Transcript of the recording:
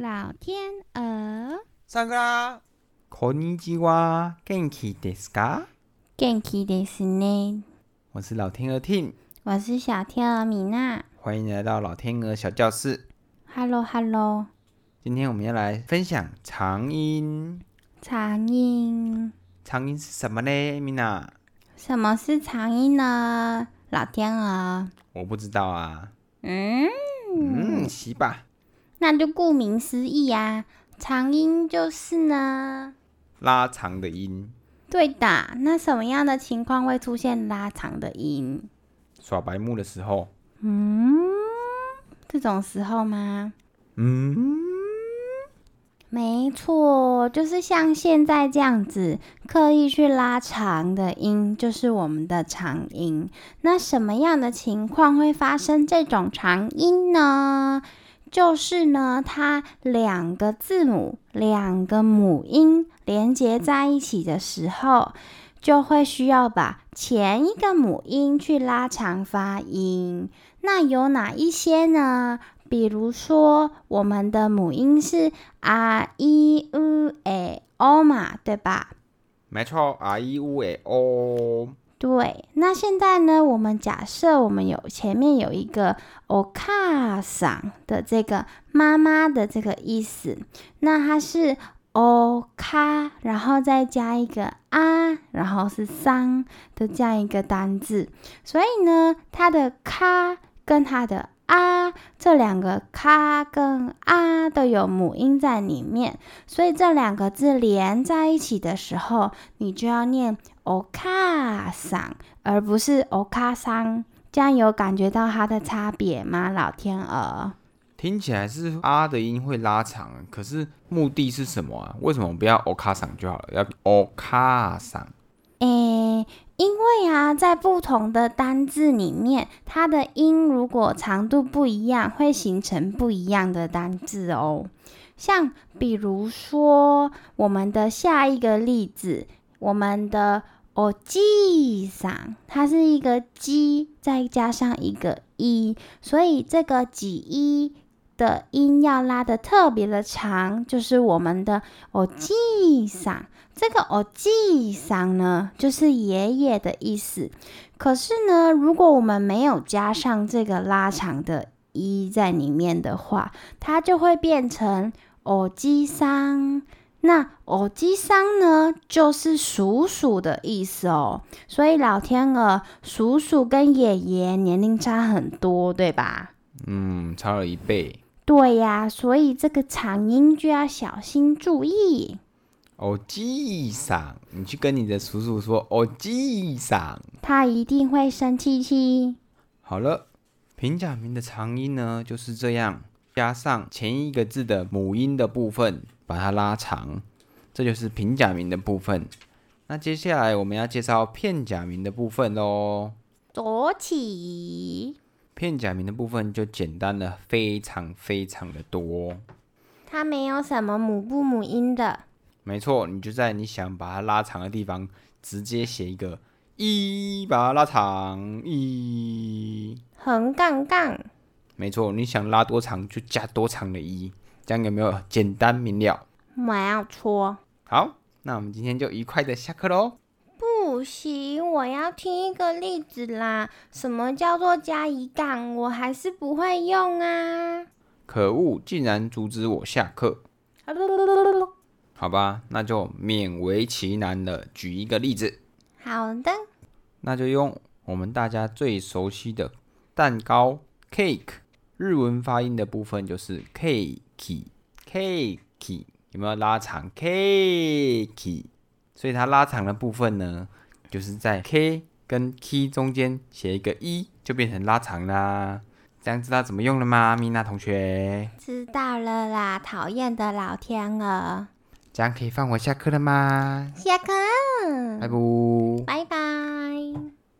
老天鵝。上課啦！こんにちは、元気ですか？元気ですね。我是老天鵝 Tim。我是小天鵝米娜。歡迎來到老天鵝小教室。Hello，Hello。今天我們要來分享長音。長音。長音是什麼呢，米娜？什麼是長音呢，老天鵝？我不知道啊。嗯嗯，洗吧。那就顧名思義呀、啊，長音就是呢，拉長的音。對的，那什麼樣的情況會出現拉長的音？耍白目的時候。嗯，這種時候嗎？嗯，嗯，沒錯，就是像現在這樣子刻意去拉長的音，就是我們的長音。那什麼樣的情況會發生這種長音呢？就是呢，它兩個字母、兩個母音連接在一起的時候，就會需要把前一個母音去拉長發音。那有哪一些呢？比如說，我們的母音是啊、咦、烏、誒、歐嘛，對吧？沒錯，啊、咦、e、烏、誒、歐對，那現在呢，我們假設我們有前面有一個 “okasan” 的這個媽媽的這個意思，那它是 “oka”，然後再加一個“啊”，然後是“桑”的這樣一個單字，所以呢，它的 “ka” 跟它的。啊，這兩個卡跟啊都有母音在裡面，所以這兩個字連在一起的時候，你就要念おかさん，而不是おかさん。這樣有感覺到它的差別嗎，老天鵝？聽起來是啊的音會拉長，可是目的是什麼啊？為什麼我們不要おかさん就好了，要おかさん。誒。對啊，在不同的單字裡面，它的音如果長度不一樣，會形成不一樣的單字哦。像比如說我們的下一個例子，我們的“おじさん”，它是一個“じ”再加上一個“い”，所以這個“じい”。的音要拉的特別的長，就是我們的“哦雞嗓”。這個“哦雞嗓”呢，就是爺爺的意思。可是呢，如果我們沒有加上這個拉長的“一”在裡面的話，它就會變成“哦雞嗓”。那“哦雞嗓”呢，就是叔叔的意思哦。所以老天鵝，叔叔跟爺爺年齡差很多，對吧？嗯，差了一倍。對呀，所以這個長音就要小心注意哦。記上，你去跟你的叔叔說哦。記上，他一定會生氣氣。好了，平假名的長音呢，就是這樣，加上前一個字的母音的部分，把它拉長，這就是平假名的部分。那接下來我們要介紹片假名的部分囉。左起。片假名的部分就簡單的非常非常的多，它沒有什麼母不母音的。沒錯，你就在你想把它拉長的地方直接寫一個一、e，把它拉長一橫槓槓。槓槓沒錯，你想拉多長就加多長的一、e，這樣有沒有簡單明了？沒有錯。好，那我們今天就愉快的下課嘍。不行，我要聽一個例子啦。什麼叫做加一槓？我還是不會用啊！可惡，竟然阻止我下課！啊嚕嚕嚕嚕嚕。好吧，那就勉為其難的舉一個例子。好的，那就用我們大家最熟悉的蛋糕 （cake）。日文發音的部分就是 “cake”，“cake” 有沒有拉長？“cake”，所以它拉長的部分呢？就是在 k 跟 k 中間寫一個一，就變成拉長啦。這樣知道怎麼用了嗎，米娜同學？知道了啦，討厭的老天鵝。這樣可以放我下課了嗎？下課，拜拜，拜拜。